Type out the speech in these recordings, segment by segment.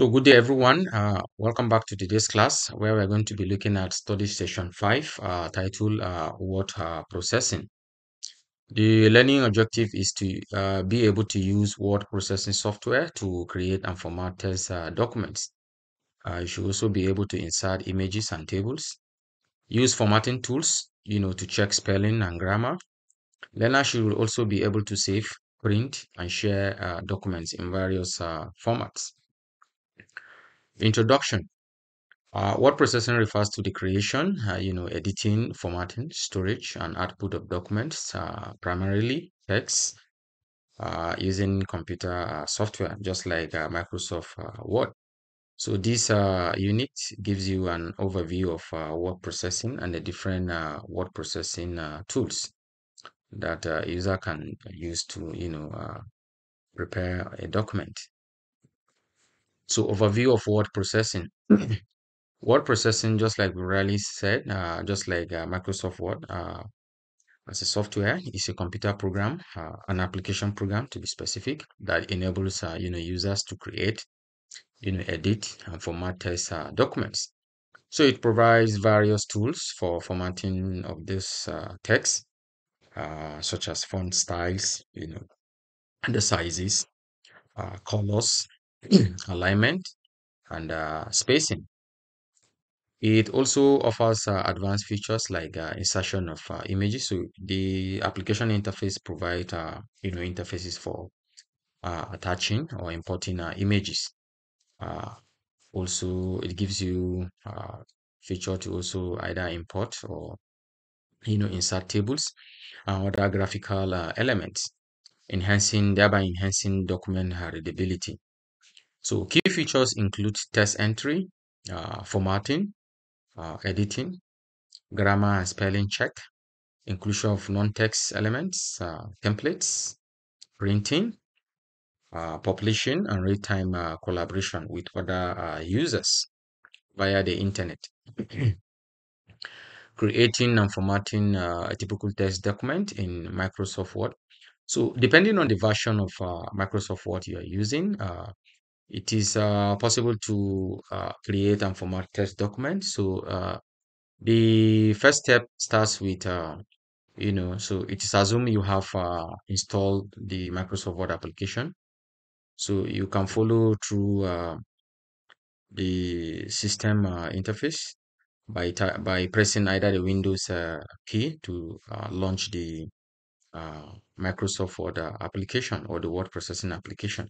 So good day everyone. Uh, welcome back to today's class where we're going to be looking at study session 5 uh, titled uh, Water Processing. The learning objective is to uh, be able to use word processing software to create and format test uh, documents. Uh, you should also be able to insert images and tables. Use formatting tools, you know, to check spelling and grammar. Learners should also be able to save, print, and share documents in various formats. Introduction. Uh, word processing refers to the creation, uh, you know, editing, formatting, storage, and output of documents, uh, primarily text, uh, using computer uh, software, just like uh, Microsoft Word. So this unit gives you an overview of word processing and the different word processing tools that a user can use to, you know, prepare a document. So overview of word processing. Hmm. word processing, just like we really said, uh, just like uh, Microsoft Word, uh, as a software, is a computer program, uh, an application program to be specific, that enables uh, you know users to create, you know, edit and format test uh, documents. So it provides various tools for formatting of this text, such as font styles, you know, and the sizes, colors, alignment, and uh, spacing. It also offers uh, advanced features like uh, insertion of uh, images. So the application interface provides uh, you know interfaces for uh, attaching or importing images. also, it gives you feature to also either import or you know insert tables and other graphical elements, enhancing thereby enhancing document readability. So key features include test entry, uh, formatting, uh, editing, grammar and spelling check, inclusion of non-text elements, uh, templates, printing, uh, publishing, and real-time uh, collaboration with other uh, users via the internet. Creating and formatting a typical text document in Microsoft Word. So depending on the version of Microsoft Word you are using, it is uh, possible to uh, create and format test documents. So uh, the first step starts with, uh, you know, so it is assume you have uh, installed the Microsoft Word application. So you can follow through uh, the system interface by by pressing either the Windows key to launch the Microsoft Word application or the word processing application.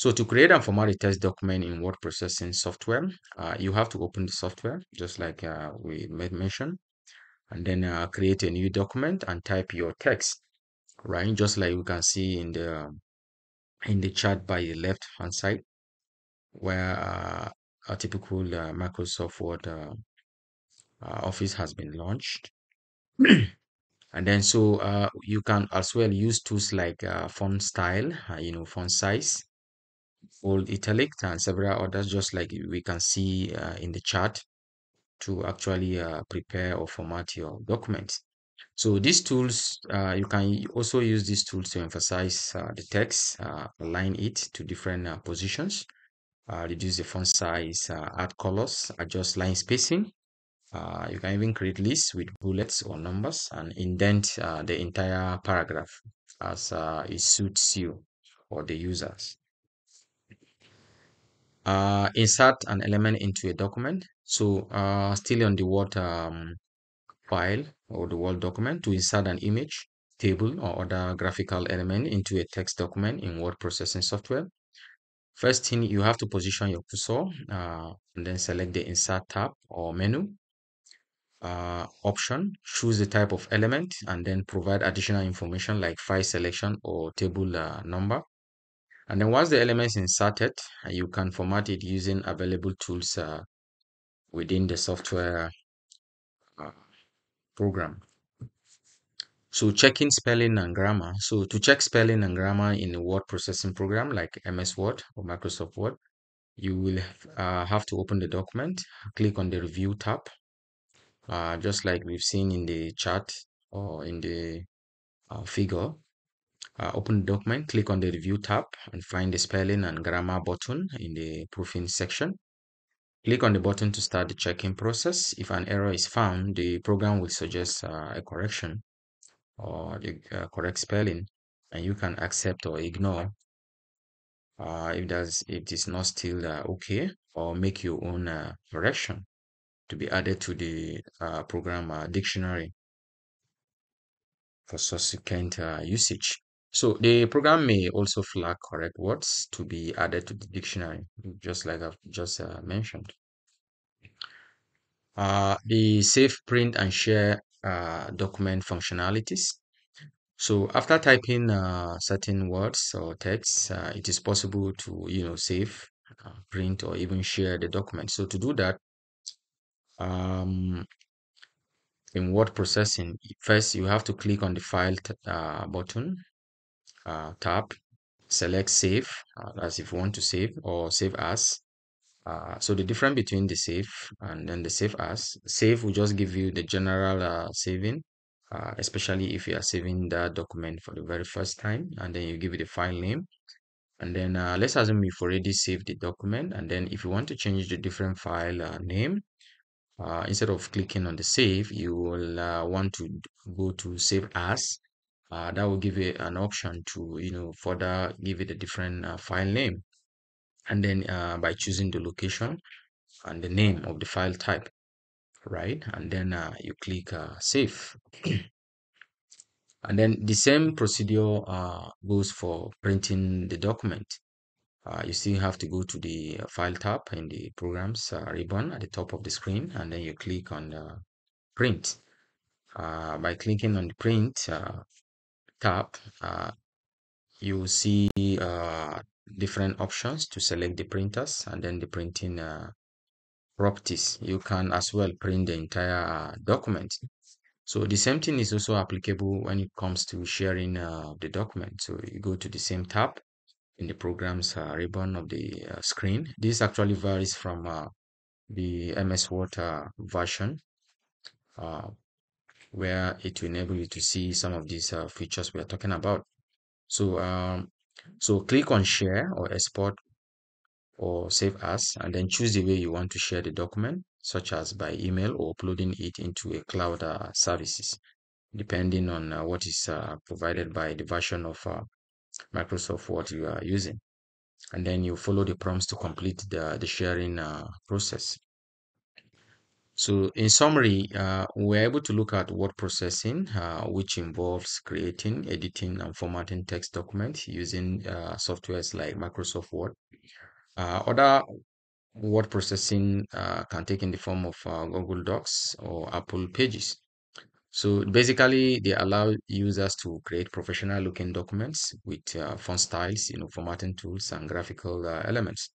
So to create and format a test document in word processing software, uh, you have to open the software, just like uh, we made mention, and then uh, create a new document and type your text, right? Just like we can see in the in the chart by the left hand side, where uh, a typical uh, Microsoft Word uh, Office has been launched. and then so you can as well use tools like font style, you know, font size, bold italic and several others just like we can see uh, in the chart to actually uh, prepare or format your document. So these tools, uh, you can also use these tools to emphasize uh, the text, uh, align it to different uh, positions, reduce the font size, add colors, adjust line spacing. you can even create lists with bullets or numbers and indent the entire paragraph as it suits you or the users uh, insert an element into a document. So uh, still on the Word um, file or the Word document to insert an image, table or other graphical element into a text document in word processing software. First thing, you have to position your cursor uh, and then select the insert tab or menu uh, option, choose the type of element and then provide additional information like file selection or table uh, number. And then once the element is inserted, uh, you can format it using available tools uh, within the software uh, program. So checking spelling and grammar. So to check spelling and grammar in a word processing program like MS Word or Microsoft Word, you will uh, have to open the document, click on the review tab, uh, just like we've seen in the chart or in the uh, figure. Uh, open the document, click on the Review tab and find the Spelling and Grammar button in the Proofing section. Click on the button to start the checking process. If an error is found, the program will suggest uh, a correction or the uh, correct spelling and you can accept or ignore uh, if, there's, if it is not still uh, okay or make your own uh, correction to be added to the program dictionary for subsequent usage. So the program may also flag correct words to be added to the dictionary, just like I've just uh, mentioned. Uh, the save, print, and share uh, document functionalities. So after typing uh, certain words or text, uh, it is possible to you know save, uh, print, or even share the document. So to do that, um, in word processing, first you have to click on the file button uh, tab, select save uh, as if you want to save or save as. Uh, so the difference between the save and then the save as, save will just give you the general uh, saving, uh, especially if you are saving that document for the very first time, and then you give it a file name. And then uh, let's assume you've already saved the document, and then if you want to change the different file name, instead of clicking on the save, you will want to go to save as, uh, that will give you an option to you know further give it a different uh, file name and then uh, by choosing the location and the name of the file type right and then uh, you click uh, save and then the same procedure uh, goes for printing the document you still have to go to the file tab in the programs ribbon at the top of the screen and then you click on print by clicking on the print tab, uh, you see uh, different options to select the printers and then the printing uh, properties. You can as well print the entire uh, document. So the same thing is also applicable when it comes to sharing uh, the document. So you go to the same tab in the program's uh, ribbon of the screen. This actually varies from the MS Word version where it will enable you to see some of these uh, features we are talking about. So, um, so click on share or export or save as, and then choose the way you want to share the document, such as by email or uploading it into a cloud uh, services, depending on uh, what is uh, provided by the version of uh, Microsoft what you are using. And then you follow the prompts to complete the, the sharing uh, process. So in summary, uh, we're able to look at word processing, uh, which involves creating, editing, and formatting text documents using uh, softwares like Microsoft Word. Uh, other word processing uh, can take in the form of uh, Google Docs or Apple Pages. So basically, they allow users to create professional-looking documents with font styles, you know, formatting tools, and graphical elements.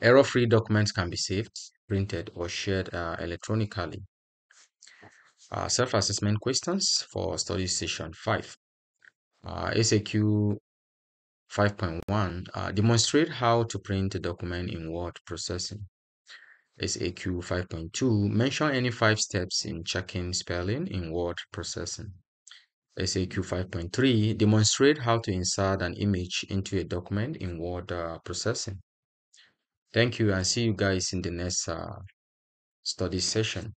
Error-free documents can be saved printed or shared uh, electronically. Uh, Self-assessment questions for study session 5. Uh, SAQ 5.1 uh, demonstrate how to print a document in word processing. SAQ 5.2 mention any five steps in checking spelling in word processing. SAQ 5.3 demonstrate how to insert an image into a document in word uh, processing. Thank you and see you guys in the next uh, study session.